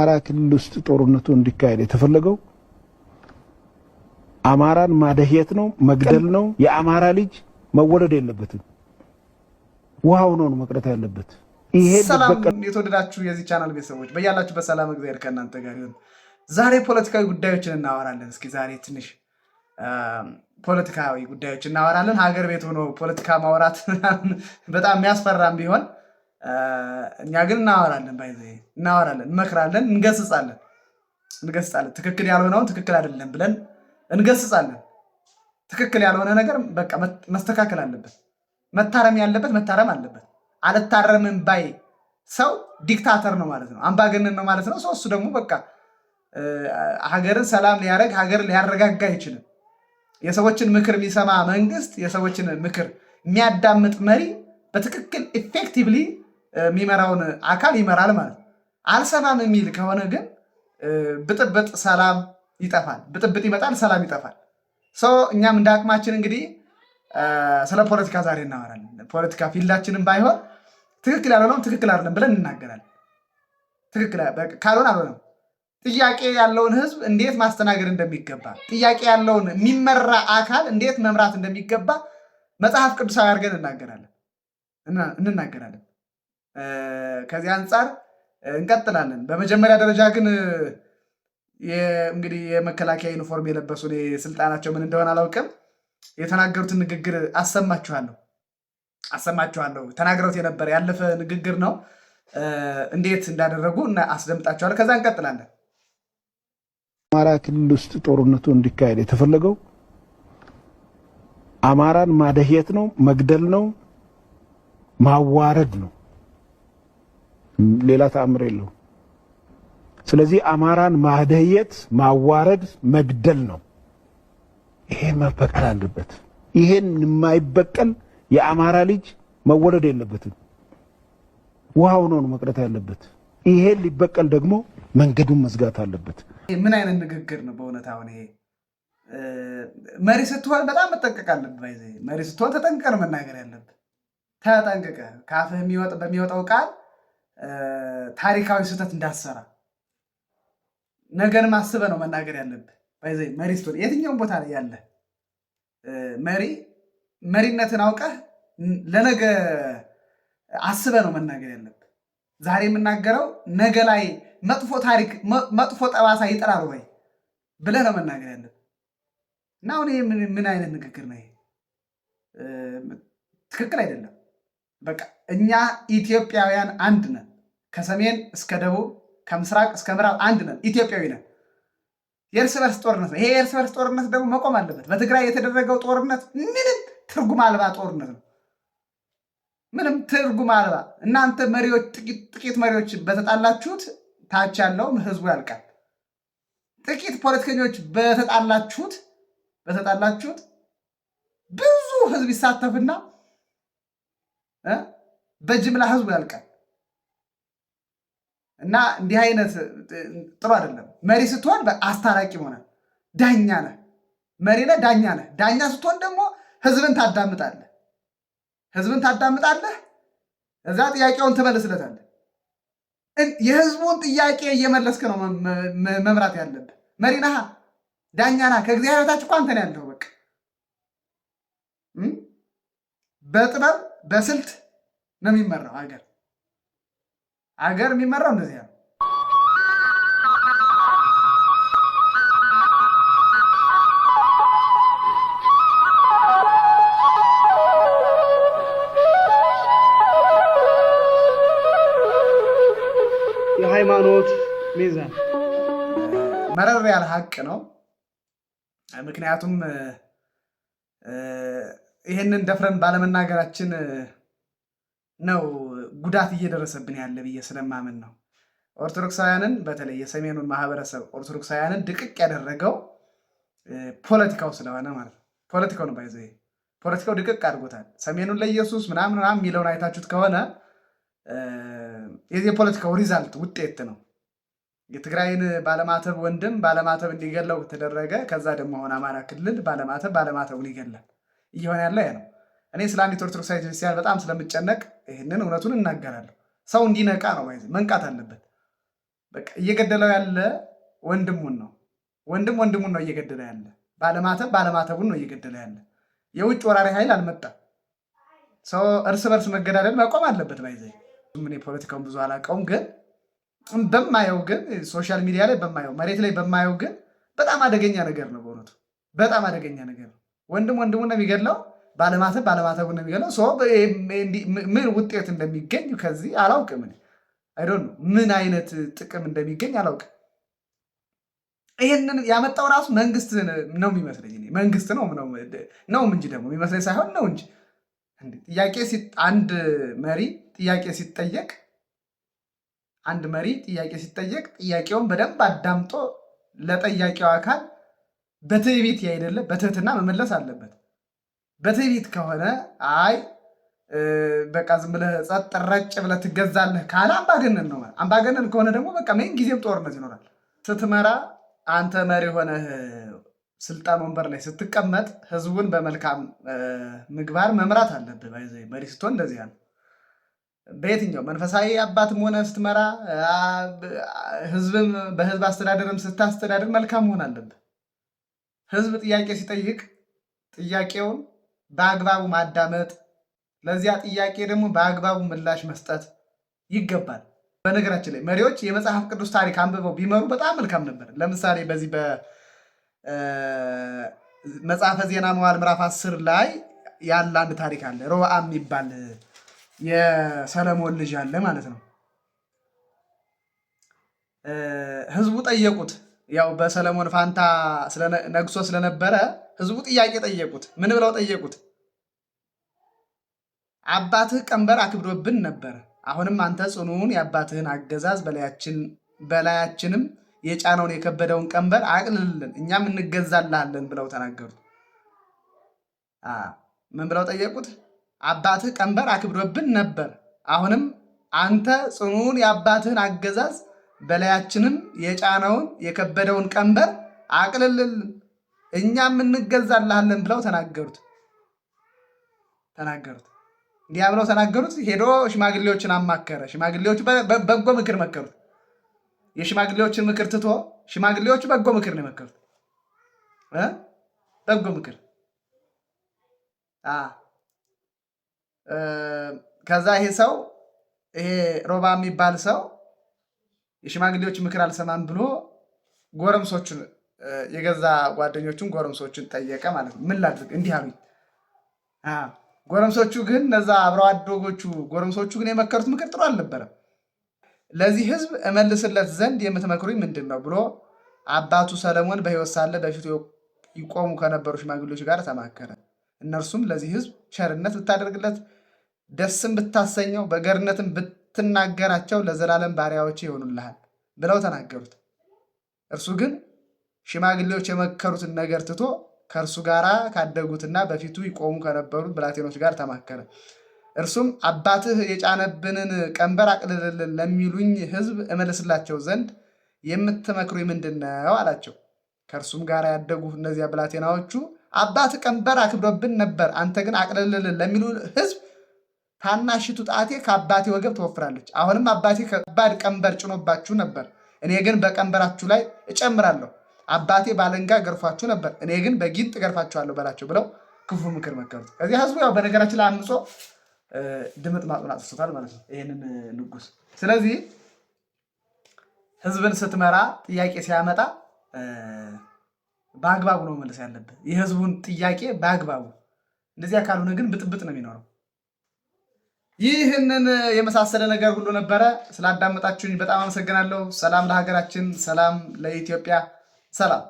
አማራ ክልል ውስጥ ጦርነቱ እንዲካሄድ የተፈለገው አማራን ማደህየት ነው፣ መግደል ነው። የአማራ ልጅ መወለድ የለበትም። ውሃ ሆኖ ነው መቅረት ያለበት። ይሄ ሰላም። የተወደዳችሁ የዚህ ቻናል ቤተሰቦች በያላችሁበት ሰላም እግዚአብሔር ከእናንተ ጋር ይሁን። ዛሬ ፖለቲካዊ ጉዳዮችን እናወራለን። እስኪ ዛሬ ትንሽ ፖለቲካዊ ጉዳዮች እናወራለን። ሀገር ቤት ሆኖ ፖለቲካ ማውራት በጣም የሚያስፈራም ቢሆን እኛ ግን እናወራለን፣ ባይዘ እናወራለን፣ እንመክራለን፣ እንገስጻለን እንገስጻለን። ትክክል ያልሆነውን ትክክል አይደለም ብለን እንገስጻለን። ትክክል ያልሆነ ነገር በቃ መስተካከል አለበት፣ መታረም ያለበት መታረም አለበት። አልታረምም ባይ ሰው ዲክታተር ነው ማለት ነው፣ አምባገነን ነው ማለት ነው። ሰው ደግሞ በቃ ሀገርን ሰላም ሊያደርግ ሀገርን ሊያረጋጋ አይችልም። የሰዎችን ምክር የሚሰማ መንግስት፣ የሰዎችን ምክር የሚያዳምጥ መሪ በትክክል ኢፌክቲቭሊ የሚመራውን አካል ይመራል ማለት ነው። አልሰማም የሚል ከሆነ ግን ብጥብጥ፣ ሰላም ይጠፋል። ብጥብጥ ይመጣል፣ ሰላም ይጠፋል። ሰው እኛም እንደ አቅማችን እንግዲህ ስለ ፖለቲካ ዛሬ እናወራለን። ፖለቲካ ፊልዳችንም ባይሆን ትክክል ያልሆነውም ትክክል አይደለም ብለን እንናገራለን። ትክክል ካልሆነ አልሆነም። ጥያቄ ያለውን ህዝብ እንዴት ማስተናገድ እንደሚገባ፣ ጥያቄ ያለውን የሚመራ አካል እንዴት መምራት እንደሚገባ መጽሐፍ ቅዱሳዊ አድርገን እናገራለን እንናገራለን። ከዚህ አንጻር እንቀጥላለን። በመጀመሪያ ደረጃ ግን እንግዲህ የመከላከያ ዩኒፎርም የለበሱ ስልጣናቸው ምን እንደሆነ አላውቅም፣ የተናገሩትን ንግግር አሰማችኋለሁ አሰማችኋለሁ። ተናግረውት የነበረ ያለፈ ንግግር ነው። እንዴት እንዳደረጉ እና አስደምጣችኋለሁ። ከዛ እንቀጥላለን። አማራ ክልል ውስጥ ጦርነቱ እንዲካሄድ የተፈለገው አማራን ማደህየት ነው፣ መግደል ነው፣ ማዋረድ ነው። ሌላ ተአምር የለው ስለዚህ አማራን ማደየት፣ ማዋረድ፣ መግደል ነው። ይሄ መበቀል አለበት። ይሄን የማይበቀል የአማራ ልጅ መወለድ የለበትም። ውሃ ነው መቅረት ያለበት። ይሄን ሊበቀል ደግሞ መንገዱን መዝጋት አለበት። ምን አይነት ንግግር ነው በእውነት? አሁን ይሄ መሪ ስትሆን በጣም መጠንቀቅ አለብህ። ይዘ መሪ ስትሆን ተጠንቀቅ ነው መናገር ያለብህ። ተጠንቅቀህ ከአፍህ በሚወጣው ቃል ታሪካዊ ስህተት እንዳትሰራ ነገር ማስበ ነው መናገር ያለብህ። ይዘ መሪ ስትሆን የትኛውም ቦታ ላይ ያለ መሪ መሪነትን አውቀህ ለነገ አስበ ነው መናገር ያለብህ። ዛሬ የምናገረው ነገ ላይ መጥፎ ታሪክ መጥፎ ጠባሳ ይጥላል ወይ ብለህ ነው መናገር ያለብህ እና አሁን ምን አይነት ንግግር ነው? ትክክል አይደለም። በቃ እኛ ኢትዮጵያውያን አንድ ነን። ከሰሜን እስከ ደቡብ ከምስራቅ እስከ ምዕራብ አንድ ነን፣ ኢትዮጵያዊ ነን። የእርስ በርስ ጦርነት ነው። ይሄ የእርስ በርስ ጦርነት ደግሞ መቆም አለበት። በትግራይ የተደረገው ጦርነት ምንም ትርጉም አልባ ጦርነት ነው። ምንም ትርጉም አልባ። እናንተ መሪዎች፣ ጥቂት መሪዎች በተጣላችሁት ታች ያለውም ህዝቡ ያልቃል። ጥቂት ፖለቲከኞች በተጣላችሁት በተጣላችሁት ብዙ ህዝብ ይሳተፍና በጅምላ ህዝቡ ያልቃል። እና እንዲህ አይነት ጥሩ አይደለም። መሪ ስትሆን አስታራቂ ይሆናል። ዳኛ ነ መሪ ነ ዳኛ ነ ዳኛ ስትሆን ደግሞ ህዝብን ታዳምጣለህ፣ ህዝብን ታዳምጣለህ። እዛ ጥያቄውን ትመልስለታለህ። የህዝቡን ጥያቄ እየመለስክ ነው መምራት ያለብህ። መሪ ነህ፣ ዳኛ ና ከእግዚአብሔር በታች እኮ ያለው። በቃ በጥበብ በስልት ነው የሚመራው ሀገር አገር የሚመራው እንደዚህ ነው። የሃይማኖት ሚዛን መረር ያለ ሀቅ ነው። ምክንያቱም ይህንን ደፍረን ባለመናገራችን ነው ጉዳት እየደረሰብን ያለ ብዬ ስለማምን ነው። ኦርቶዶክሳውያንን በተለይ የሰሜኑን ማህበረሰብ ኦርቶዶክሳውያንን ድቅቅ ያደረገው ፖለቲካው ስለሆነ ማለት ነው። ፖለቲካው ነው ባይዘ ፖለቲካው ድቅቅ አድርጎታል። ሰሜኑን ለኢየሱስ ምናምን ምናምን የሚለውን አይታችሁት ከሆነ የፖለቲካው ሪዛልት ውጤት ነው። የትግራይን ባለማተብ ወንድም ባለማተብ እንዲገለው ተደረገ። ከዛ ደግሞ አሁን አማራ ክልል ባለማተብ ባለማተቡን ይገላል። እየሆነ ያለ ነው። እኔ ስለ አንዲት ኦርቶዶክሳዊት ቤተክርስቲያን በጣም ስለምጨነቅ ይህንን እውነቱን እናገራለሁ። ሰው እንዲነቃ ነው፣ መንቃት አለበት። በቃ እየገደለው ያለ ወንድሙን ነው፣ ወንድም ወንድሙን ነው እየገደለ ያለ፣ ባለማተብ ባለማተቡን ነው እየገደለ ያለ። የውጭ ወራሪ ኃይል አልመጣም። ሰው እርስ በርስ መገዳደል መቆም አለበት። ባይዘ ምን የፖለቲካውን ብዙ አላውቀውም፣ ግን በማየው ግን ሶሻል ሚዲያ ላይ በማየው መሬት ላይ በማየው ግን በጣም አደገኛ ነገር ነው። በእውነቱ በጣም አደገኛ ነገር ነው። ወንድም ወንድሙን ነው የሚገድለው ባለማተብ ባለማተቡን ነው የሚገለው። ምን ውጤት እንደሚገኝ ከዚህ አላውቅም። አይዶ ምን አይነት ጥቅም እንደሚገኝ አላውቅም። ይህንን ያመጣው ራሱ መንግስት ነው የሚመስለኝ። መንግስት ነው ነውም እንጂ ደግሞ የሚመስለኝ ሳይሆን ነው እንጂ ጥያቄ አንድ መሪ ጥያቄ ሲጠየቅ አንድ መሪ ጥያቄ ሲጠየቅ ጥያቄውን በደንብ አዳምጦ ለጠያቂው አካል በትዕቢት ያይደለ በትህትና መመለስ አለበት። በትዕቢት ከሆነ አይ በቃ ዝም ብለህ ጸጥ ረጭ ብለህ ትገዛለህ ካለ አምባገነን ነው። አምባገነን ከሆነ ደግሞ በቃ ምን ጊዜም ጦርነት ይኖራል። ስትመራ አንተ መሪ ሆነ ስልጣን ወንበር ላይ ስትቀመጥ ህዝቡን በመልካም ምግባር መምራት አለብህ። መሪ ስትሆን እንደዚህ ነው። በየትኛው መንፈሳዊ አባትም ሆነ ስትመራ፣ ህዝብም በህዝብ አስተዳደርም ስታስተዳድር መልካም መሆን አለብህ። ህዝብ ጥያቄ ሲጠይቅ ጥያቄውን በአግባቡ ማዳመጥ፣ ለዚያ ጥያቄ ደግሞ በአግባቡ ምላሽ መስጠት ይገባል። በነገራችን ላይ መሪዎች የመጽሐፍ ቅዱስ ታሪክ አንብበው ቢመሩ በጣም መልካም ነበር። ለምሳሌ በዚህ በመጽሐፈ ዜና መዋዕል ምዕራፍ አስር ላይ ያለ አንድ ታሪክ አለ። ሮብዓም የሚባል የሰለሞን ልጅ አለ ማለት ነው። ህዝቡ ጠየቁት ያው በሰለሞን ፋንታ ነግሶ ስለነበረ ህዝቡ ጥያቄ ጠየቁት። ምን ብለው ጠየቁት? አባትህ ቀንበር አክብዶብን ነበር። አሁንም አንተ ጽኑውን የአባትህን አገዛዝ በላያችንም የጫነውን የከበደውን ቀንበር አቅልልልን፣ እኛም እንገዛልሃለን ብለው ተናገሩት። ምን ብለው ጠየቁት? አባትህ ቀንበር አክብዶብን ነበር። አሁንም አንተ ጽኑውን የአባትህን አገዛዝ በላያችንም የጫነውን የከበደውን ቀንበር አቅልልልን እኛም እንገዛልሃለን ብለው ተናገሩት ተናገሩት እንዲያ ብለው ተናገሩት። ሄዶ ሽማግሌዎችን አማከረ። ሽማግሌዎቹ በጎ ምክር መከሩት። የሽማግሌዎችን ምክር ትቶ ሽማግሌዎቹ በጎ ምክር ነው የመከሩት። በጎ ምክር ከዛ ይሄ ሰው ይሄ ሮባ የሚባል ሰው የሽማግሌዎች ምክር አልሰማም ብሎ ጎረምሶቹን የገዛ ጓደኞቹን ጎረምሶቹን ጠየቀ ማለት ነው። ምን ላድርግ እንዲህ አሉኝ። ጎረምሶቹ ግን እነዛ አብረው አደጎቹ ጎረምሶቹ ግን የመከሩት ምክር ጥሩ አልነበረም። ለዚህ ሕዝብ እመልስለት ዘንድ የምትመክሩኝ ምንድን ነው ብሎ አባቱ ሰለሞን በሕይወት ሳለ በፊቱ ይቆሙ ከነበሩ ሽማግሌዎች ጋር ተማከረ። እነርሱም ለዚህ ሕዝብ ቸርነት ብታደርግለት፣ ደስም ብታሰኘው፣ በገርነትም ብትናገራቸው ለዘላለም ባሪያዎች ይሆኑልሃል ብለው ተናገሩት። እርሱ ግን ሽማግሌዎች የመከሩትን ነገር ትቶ ከእርሱ ጋር ካደጉትና በፊቱ ይቆሙ ከነበሩት ብላቴኖች ጋር ተማከረ። እርሱም አባትህ የጫነብንን ቀንበር አቅልልልን ለሚሉኝ ሕዝብ እመልስላቸው ዘንድ የምትመክሩ ምንድን ነው አላቸው። ከእርሱም ጋር ያደጉ እነዚያ ብላቴናዎቹ አባት ቀንበር አክብዶብን ነበር፣ አንተ ግን አቅልልልን ለሚሉ ሕዝብ ታናሽቱ ጣቴ ከአባቴ ወገብ ትወፍራለች። አሁንም አባቴ ከባድ ቀንበር ጭኖባችሁ ነበር፣ እኔ ግን በቀንበራችሁ ላይ እጨምራለሁ። አባቴ ባለንጋ ገርፏችሁ ነበር፣ እኔ ግን በጊንጥ ገርፋችኋለሁ በላቸው ብለው ክፉ ምክር መከሩት። ከዚህ ህዝቡ ያው በነገራችን ላይ አምጾ ድምጥ ማጡን አጥፍቶታል ማለት ነው ይህንን ንጉስ። ስለዚህ ህዝብን ስትመራ ጥያቄ ሲያመጣ በአግባቡ ነው መለስ ያለብን የህዝቡን ጥያቄ በአግባቡ። እንደዚያ ካልሆነ ግን ብጥብጥ ነው የሚኖረው። ይህንን የመሳሰለ ነገር ሁሉ ነበረ። ስላዳመጣችሁኝ በጣም አመሰግናለሁ። ሰላም ለሀገራችን፣ ሰላም ለኢትዮጵያ፣ ሰላም